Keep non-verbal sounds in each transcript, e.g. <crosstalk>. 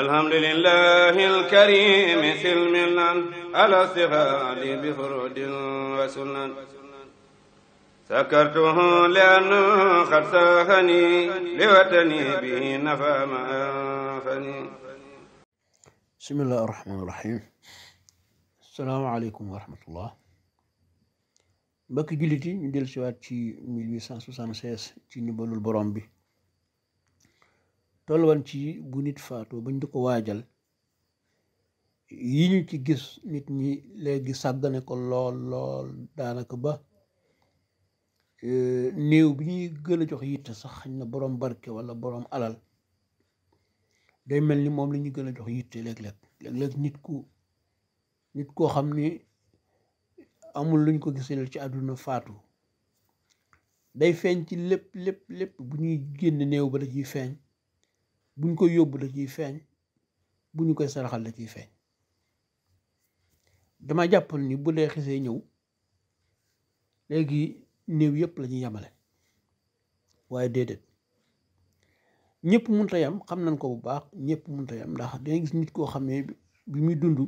alhamdulillahi alkarimi silmilan ala sihadi bi furudin wa sunan sakartuhu liannu qad sahani liwatani bihi nafa ma anfani rahim asalaamu aleykum wa rahmatullah bi toll ci bu nit faatoo bañ di ko waajal yi ñu ci gis nit ñi léegi sàggane ko lool lool daanaka ba e, néew bi ñuy gën a jox yitte sax xañ na boroom barke walla boroom alal day mel ni moom la ñuy gën a jox yitte léeg-léeg léeg nit ku nit koo xam ni amul luñ ko gisal ci àdduna faatu day feeñ ci lépp lépp bu ñuy génn néew ba dañuy feeñ buñ koy yóbbu da ciy feeñ bu ñu koy saraxal da ciy feeñ dama jàppoon ni bu dee xisee ñëw léegi néew yëpp lañu ñuy yamale waaye déedéet ñëpp mënut a xam nañ ko bu baax ñëpp mënut a yam ndax dina gis nit koo xam ne bi muy dund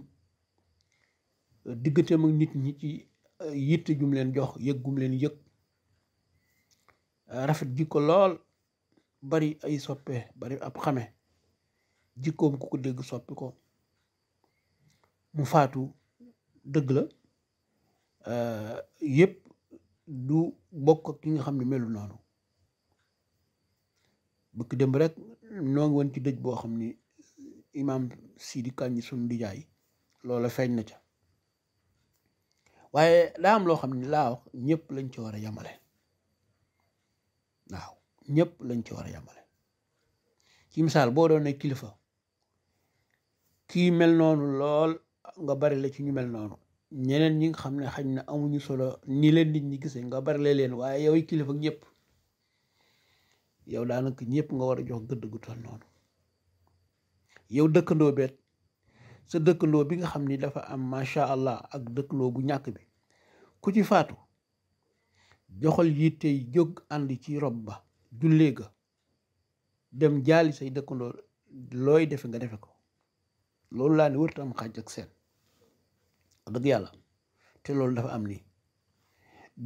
digganteem ak nit ñi ci yitte jum leen jox yëg gum leen yëg rafet ji ko lool bari ay soppe bari ab xame jikkoom ku ko dégg soppi ko mu faatu dëgg la eh, yépp du bokk ki nga xam ne melu noonu bëkk démb rek noo ngi woon ci dëj boo xam ni imaam Sidi Kandji sunu dijaay loola feeñ na ca waaye daa am loo xam ne laa wax ñëpp lañ ci war a yamale waaw ñépp lañ ci war a yamale ci misaal boo doon ne kilifa kii mel noonu lool nga bari la ci ñu mel noonu ñeneen ñi nga xam ne xañ na amuñu solo ni leen nit ñi gisee nga bari la leen waaye yow kilifa ñëpp yow daanaka ñëpp nga war a jox gëdd gu toll noonu yow dëkkandoo beet sa dëkkandoo bi nga xam ni dafa am macha allah ak dëkkandoo bu ñàkk bi ku ci faatu joxal yitte jóg ànd ci rob ba jullee ga dem jaali say dëkkandoo looy defe nga defe ko loolu laa ne wërta am xàjj ak seen wax dëgg yàlla te loolu dafa am nii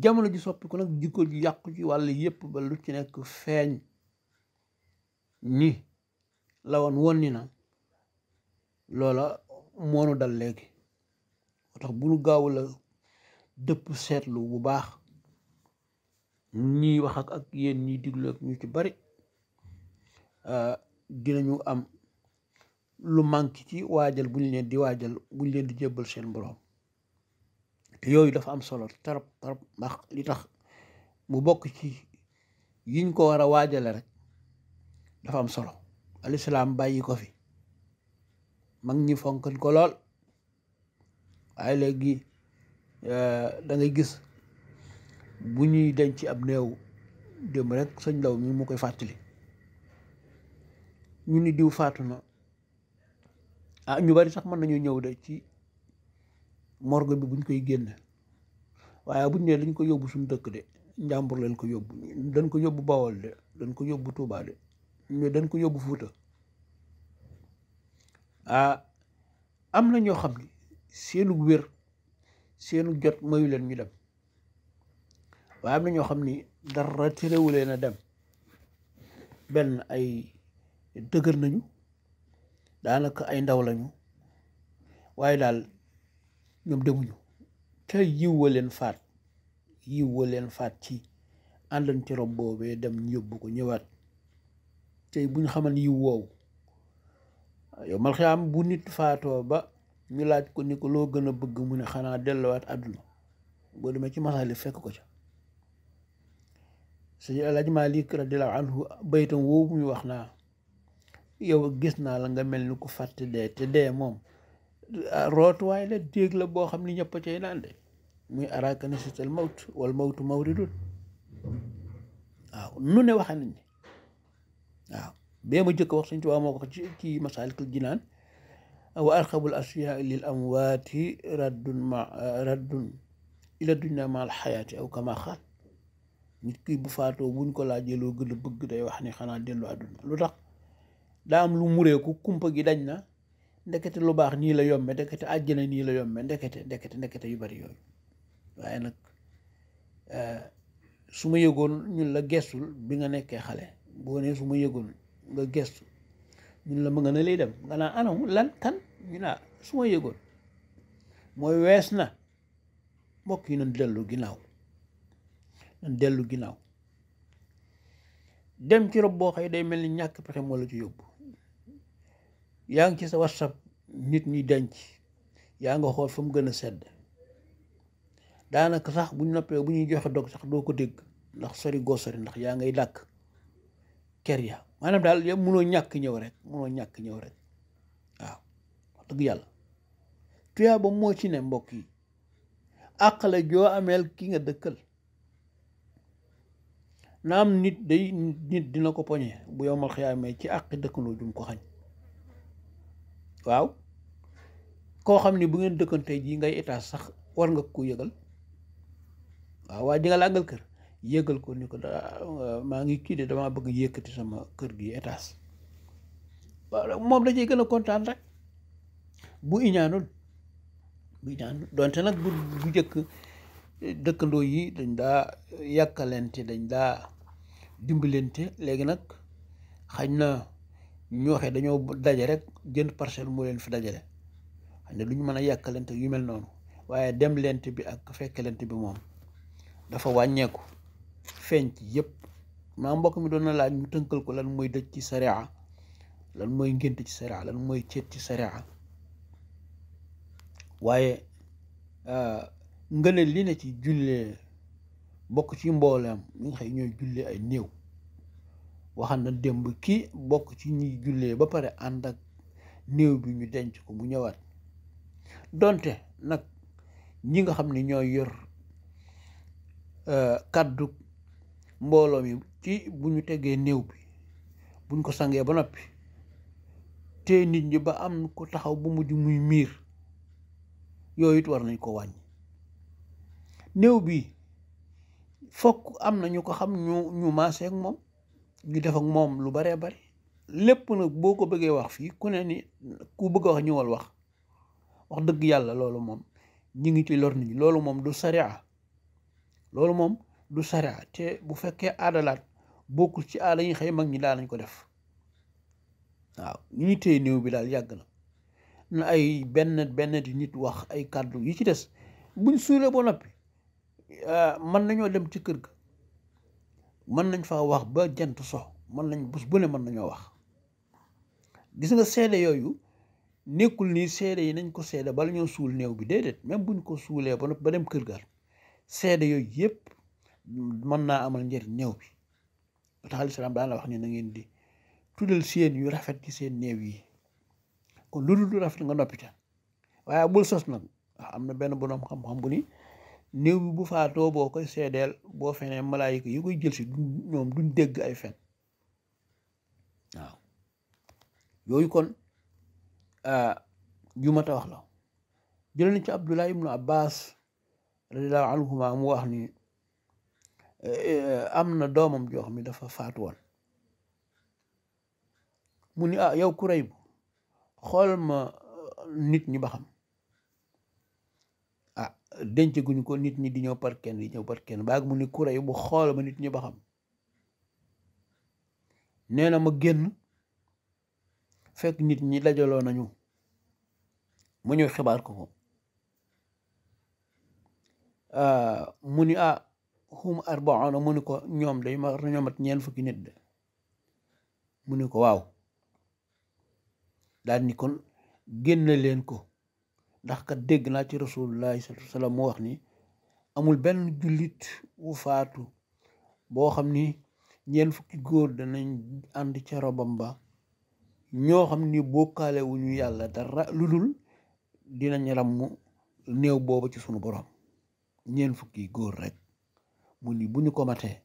jamono ji soppi ko nag jikko ji yàqu ci wàll yëpp ba lu ci nekk feeñ ni la woon woon na loola moonu dal léegi moo tax bu nu gaaw la dëpp seetlu bu baax ñiy wax ak ak yéen ñiy diglu ak ñu ci bari ah, dinañu am lu manqué ci waajal buñ leen di waajal buñ leen di jébbal seen borom yooyu dafa am solo tarap tarap ndax li tax mu bokk ci yiñ ko war a waajale rek dafa am solo alislaam bàyyi ko fi mag ñi fonkan ko lool waaye léegi eh, da gis bu ñuy denc ab néew démb rek sëñ law mi mu koy fàttali ñu ni diw faatu na ah ñu bari sax mën nañu ñëw de ci morgo bi buñ koy génn waaye buñ nee dañ ko yóbbu suñu dëkk de njàmbur leen ko yóbbu dañ ko yóbbu Bawol dañ ko yóbbu Tuubaa de ñu dañ ko yóbbu Fuuta ah am na ñoo xam ni seenu wér seenu jot mayu leen ñu dem waaye am na ñoo xam ni dara terewu leen a dem benn ay dëgër nañu daanaka ay ndaw lañu waaye daal ñoom demuñu te yiw wa leen faat yiw wa leen faat ci àndan ci rob boobee dem ñu yóbbu ko ñëwaat tey bu ñu xaman yiw woowu yow mal bu nit faatoo ba ñu laaj ko ni ko loo gën a bëgg mu ne xanaa delluwaat àdduna boo demee ci masali fekk ko ca sëñ Alaaji Maalik radiyallaahu anhu baytam woowu muy wax naa yow gis naa la nga mel ni ku fàtte te dee moom ah, rootuwaay la déeg la boo xam ni ñëpp a muy araaka nasital mawt wal mawtu mawridun waaw nu ne waxa nañ waaw bee ma jëkk wax suñ Tuubaa moo ko ci ci masaalikul jinaan wa arxabul asyaa lil amwaati ila dunya ma al aw kama xaat nit ki bu faatoo buñ ko laa jëloo gën a bëgg day wax ni xanaa dellu àdduna lu tax daa am lu mureeku kumpa gi dañ na ndekete lu baax nii la yombe ndekete àjjana nii la yombe ndekete ndekete ndekete yu bari yooyu waaye nag eh, su ma yëgoon ñun la gestul bi nga nekkee xale boo nee su ma yëgoon nga gestu ñun la ma nga ne lay dem nga naan anam lan kan ñu naa su ma yëgoon mooy wees na mbokk yi nañ dellu ginnaaw dellu ginnaaw dem ci rob boo xëy day mel ni ñàkk pexe moo la ci yóbbu yaa ngi ci sa whatsapp nit ñi denc yaa nga xool fa mu gën a sedd daanaka sax bu noppee bu ñuy joxe dog sax doo ko dégg ndax sori goo sori ndax yaa ngay dàkk ker ya maanaam daal yow mënoo ñàkk ñëw rek mënoo ñàkk ñëw rek waaw wax dëgg yàlla tuyaa ba moo ci ne mbokk yi àq la joo ameel ki nga dëkkal naam nit day nit dina ko poñe bu yomal xiyaamee ci àqi dëkkandoo jum ko xañ waaw koo xam ni bu ngeen dëkkantee ji ngay étage sax war nga ko yëgal waaw waa di nga kër yëgal ko ni ko maa ngi kii de damaa bëgg yëkkati sama kër gi étage moom da cee gën a kontaan rek bu iñaanul bu iñaanul donte nag bu bu njëkk dëkkandoo yi dañ daa yàkkalante dañ daa dimbalante léegi nag xañ na ñu waxee dañoo daje rek jënd parcelle moo leen fi dajale xañ ne lu ñu mën a yàkkalante yu mel noonu waaye dem lent bi ak fekkalent bi moom dafa wàññeeku feeñ ci yëpp maa mbokk mi doon na laaj mu tënkal ko lan mooy dëj ci sariya lan mooy ngént ci sariya lan mooy céet ci sariya waaye euh, ngëneel li ne ci jullee bokk ci mbooleem mi nga xëy ñooy jullee ay néew waxal na démb ki bokk ci ñuy jullee ba pare ànd ak néew bi ñu denc ko bu ñëwaat donte nag ñi nga xam ni ñooy yor euh, kàddu mbooloo mi ci bu ñu tegee néew bi buñ ko sangee ba noppi te nit ñi ba am ku taxaw bu mujj muy miir yooyut war nañ ko wàññi néew bi fokk am na ñu ko xam ñu ñu moom ñu def ak moom lu baree bari lépp nag boo ko bëggee wax fii ku ne ni ku bëgg a wax ñëwal wax wax dëgg yàlla loolu moom ñu ngi ci lor nit loolu moom du sariya loolu moom du sariya te bu fekkee aadalaat bokkul ci aada yi xëy mag ñi daal lañ ko def waaw ñu ñu téye néew bi daal yàgg na na ay benn benn di nit wax ay kàddu yi ci des buñ suulee ba noppi ah, mën nañoo dem ci kër ga mën nañ fa wax ba jant so mën nañ bés bu ne mën nañoo wax gis nga seede yooyu nekkul nii seede yi nañ ko seede bala ñoo suul néew bi déedéet même buñ ko suulee ba noppi ba dem kër gaar seede yooyu yépp mën naa amal njëriñ néew bi tax alislaam daan wax ni na ngeen di tuddal seen yu rafet ci seen néew yi kon lu dul lu rafet nga noppitaan ca waaye bul sos nag am na benn borom xam-xam bu nii néew bi bu faatoo boo koy seddeel boo fenee malaayika yi koy jël si du ñoom dégg ay fen waaw yooyu kon ju mat a wax la jël na ci abdullah ibnu abbas radiallahu anhuma mu wax ni e, e, am na doomam joo xam ne dafa faatu mu ni ah yow kuréy bu xool ma uh, nit ñi ba xam denc guñ ko nit ñi di ñëw par kenn di ñëw par kenn baag mu ni kuréy bu xool ma nit ñi ba xam nee na ma génn fekk nit ñi dajaloo nañu mu ñëw xibaar ko ko ah, mu ni ah hum arbaona mu ni ko ñoom day ma ñoomat ñeen fukki nit de mu ni ko waaw daal ni kon génn leen ko ndax kat dégg naa ci rasulullahi sallallahu alayhi mu wax ni amul benn jullit wu faatu boo xam ni ñeent fukki góor danañ ànd ca robam ba ñoo xam ni bokkaale ñu yàlla dara lu dul dina dinañ ràmm néew booba ci sunu borom ñeent fukki góor rek mu ni bu ñu ko matee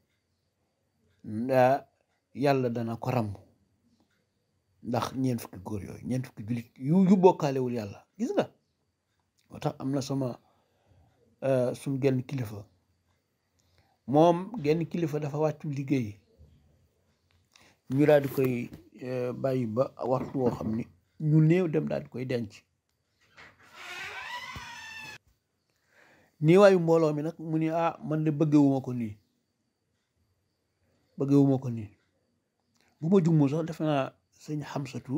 ndaa yàlla dana ko ràmm ndax ñeent fukki góor yooyu ñeent fukki jullit yu yu bokkaalewul yàlla gis nga moo tax am na sama euh, suñ genn kilifa moom genn kilifa dafa wàccu liggéey ñu daal koy euh, bàyyi ba waxtu woo xam ni ñu néew dem daal koy denc niiwaayu mbooloo mi nag mu ni ah man de bëggewuma ko nii bëggewuma ko nii bu ma jummu sax defe naa sëñ xamsatu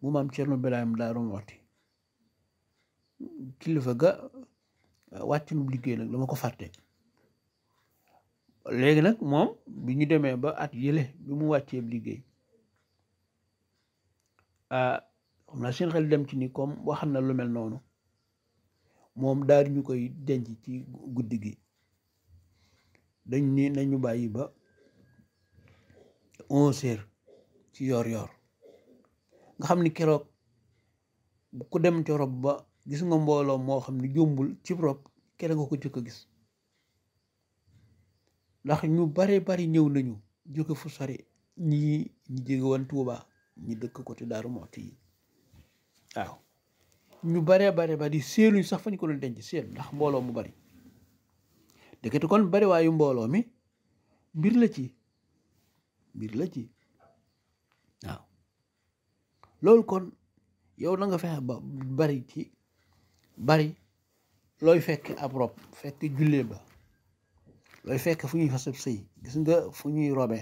mu maam Cerno Birahim daa doon kilifa ga euh, wàcc num liggéey nag dama ko fàtte léegi nag moom bi ñu demee ba at yële bi mu wàccee liggéey euh, xam naa seen xel dem ci ni comme boo na lu mel noonu moom daal ñu koy denc ci guddi gi dañ ni nañu bàyyi ba onze ci yoor yoor nga xam ni keroog ku dem ca ba gis nga mbooloo moo xam ne jombul ci rob kere nga ko jëkk a gis ndax ñu bare bari ñëw nañu jóge fu sari ñii ñi jóge woon Tuuba ñi dëkk ko ci Daaru Muxti yi waaw ñu bare bare bari seeluñ sax fañ ko doon denc seel ndax mbooloo mu bari dëkkati kon bari waayu mbooloo mi mbir la ci mbir la ci waaw loolu kon yow na nga fexe ba bari ci bari looy fekk ab rob fekk jullee ba looy fekk fu ñuy fasab sëy gis nga fu ñuy robe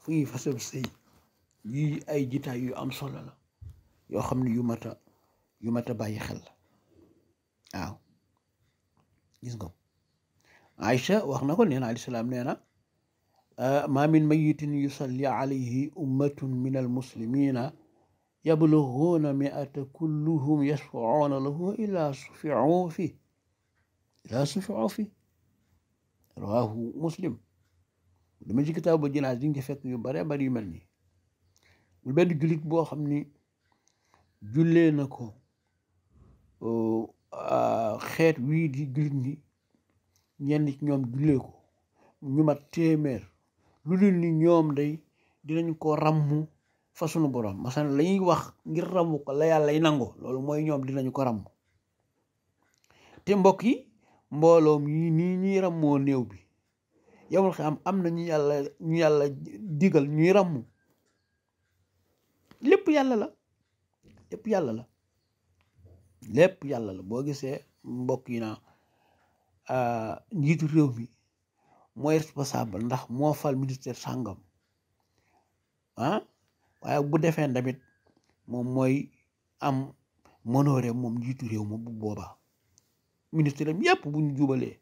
fu ñuy fasab sëy yi ay jitaay yu am solo la yoo xam ne yu mat a mat a bàyyi xel la waaw gis nga Aïcha wax na ko nee na alayhi salaam nee na ma min mayitin yusalli alayhi yablughuna mi'ata kulluhum yashfa'una lahu illa sufi'u fi illa sufi'u fi rawahu muslim dama ci kitaabu jinaas fekk yu bare bari yu ni nii mu benn jullit boo xam ni jullee na ko euh, xeet wii di jullit ñi ñenn ci ñoom jullee ko ñu mat téeméer lu dul ni ñoom day dinañ ko ràmmu fa sunu borom masan la ñuy wax ngir ramu ko la yàlla yi nangu loolu mooy ñoom dinañu ko ramu te mbokk yi mbooloom yi nii ñuy rammoo néew bi yamul xe am am na ñu yàlla digal ñuy ramm lépp yàlla la lépp yàlla la lépp yàlla la boo gisee mbokk yi naa ah, njiitu réew mi mooy responsable ndax moo fal ministère sàngam ah waaye bu defee ndamit moom mooy am mënoore moom njiitu réew ma bu boobaa ministre am yépp bu ñu jubalee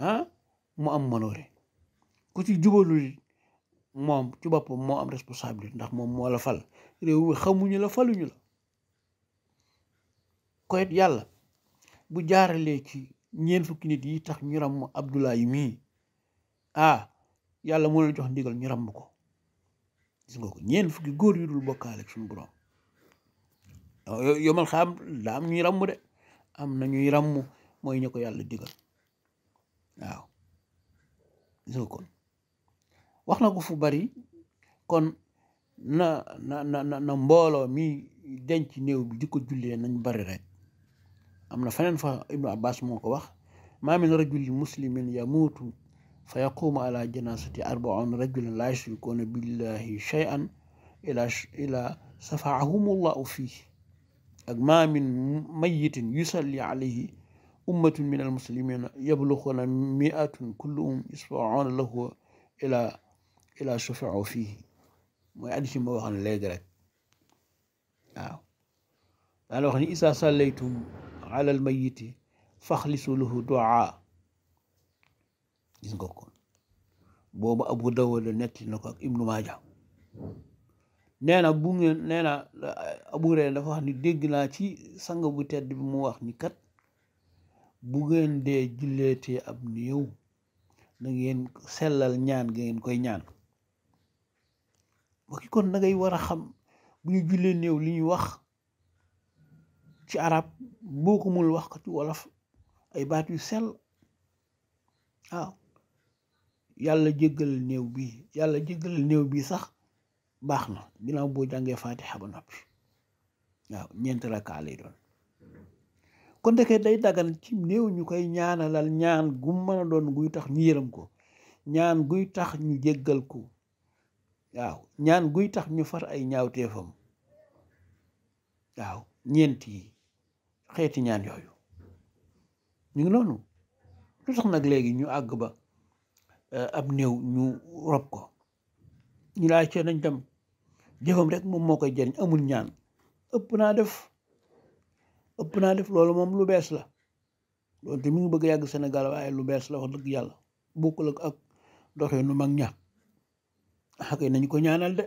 ah mu am mënoore ku ci jubaluli moom ci boppam moo am responsabilité ndax moom moo la fal réew mi xamuñu la faluñu la koyit yàlla bu jaaralee ci ñeent fukki nit yi tax ñu ràmm Abdoulaye mii ah yàlla moo la jox ndigal ñu ràmm ko gis nga ko ñeent fukki góor yu dul bokkaale ak suñu borom ah, am na ñuy ràmm mooy ñu yàlla digal waaw gis nga kon wax na ko fu bari kon na na na na mbooloo mi denc néew bi di ko jullee nañ bari rek am na feneen fa ibnu abbas moo ko wax maa min rajulin muslimin yamuutu fa yaqumu ala janasati arbaun rajulin la yushrikuuna billahi cheyan ila ila safaahumullahu fii ak ma min mayitin yusalli alayhi ummatun min almuslimina yabluxuuna miatun kulluhum yusfauna lahu ila ila sufiu fii mooy addisi ma waxoon léegi rek waaw daana wax ni isa sallaytum ala almayiti faxlisu lahu duaa gis nga kon boobu Abu Dawud nekk na ko ak Ibnu Maaja nee na bu ngeen na Abu wax ni dégg naa ci sang bu tedd bi mu wax ni kat bu ngeen dee julleetee ab néew na ngeen selal ñaan ga ngeen koy ñaan bokki kon da ngay war a xam bu ñu jullee néew li ñuy wax ci arab boo ko mul wax ko wolof ay baat yu sell waaw yàlla jéggalal néew bi yàlla jéggalal néew bi sax baax na ginnaaw boo jàngee faatixa ba noppi waaw ñeent rakkaa lay doon kon ndeke day dagan ci néew ñu koy ñaanalal ñaan gu mën a doon guy tax ñu yërëm ko ñaan guy tax ñu jéggal ko waaw guy tax ñu far ay ñaawteefam waaw ñeent yi xeeti ñaan yooyu ñu ngi noonu lu tax nag léegi ñu àgg ba Eh, ab néew ñu rob ko ñu laa cee nañ dem jëfam rek moom moo koy jëriñ amul ñaan ëpp naa def ëpp naa def loolu moom lu bees la loolu te mi ngi bëgg yàgg Sénégal waaye lu bees la wax dëgg yàlla bokkul ak doxee nu mag ña xake nañ ko ñaanal de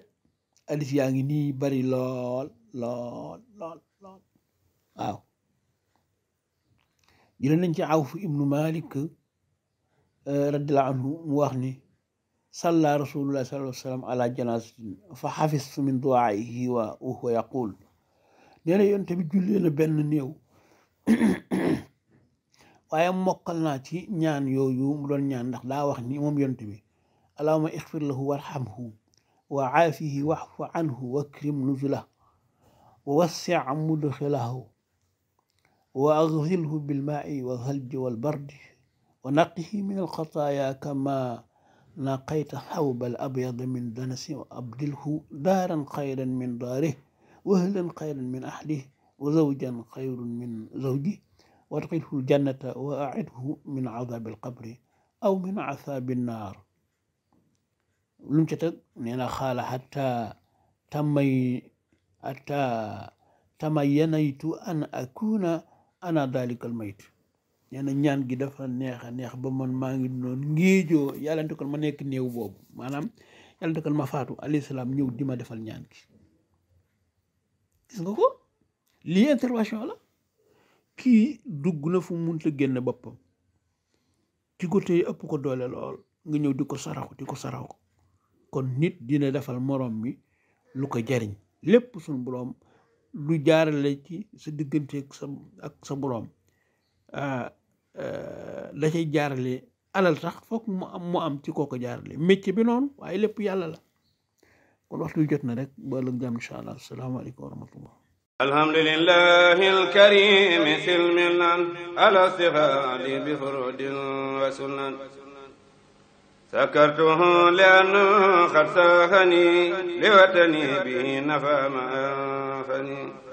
alis yaa ngi nii bari lool lool lool lool waaw jëlee nañ ci awfu ibnu malik Euh, radiallahu anhu mu wax ni salla rasulullah sallallahu alayhi wa sallam ala janazatin fa xafistu min duaihi wa huwa yaqul nee na yoon tamit jullee na benn néew <coughs> waaye mokkal naa ci ñaan yooyu mu doon ñaan ndax daa wax ni moom yonte bi allahuma ixfir lahu warhamhu wa aafihi waxfu anhu wakrim nuzulah wa wassi mudxilahu wa agsilhu bilmaai walhalji walbardi wa naqihi min alxataaya kama naqayta xawba al abyada min danasi wa abdilhu daaran xayran min daarih wa ahlan xayran min ahlih wa zawjan xayrun min zawjih wadxilhu ljannata wa aidhu min adaabi alqabri aw min adaabi nnaar lu mu ca teg nee na xaala xata tamay xata tamayanaytu an akuna ana dalika almayt nee ñaan gi dafa neex a neex ba man maa ngi noonu ngéejoo yàlla na kon ma nekk néew boobu maanaam yàlla kon ma faatu alayhi salaam ñëw di ma defal ñaan gi gis nga ko lii intervention la kii dugg na fu munta génn boppam ci côté yi ëpp ko doole lool nga ñëw di ko saraxu di ko saraxu kon nit dina defal moroom mi lu ko jariñ lépp suñu boroom lu jaarale ci sa diggante ak sa ak sa boroom ah, la cay jaarale alal sax foog mu am mu am ci kooko jaarale métier bi noonu waaye lépp yàlla la kon waxtu jot na rek ba ëllëg jàmm incha allah asalaamaaleykum wa rahmatullah alhamdulillahi alkarim silmilan ala sihadi bi furudin wa sunan سكرته لأنه قد ساهني لوطني به نفى ما أنفني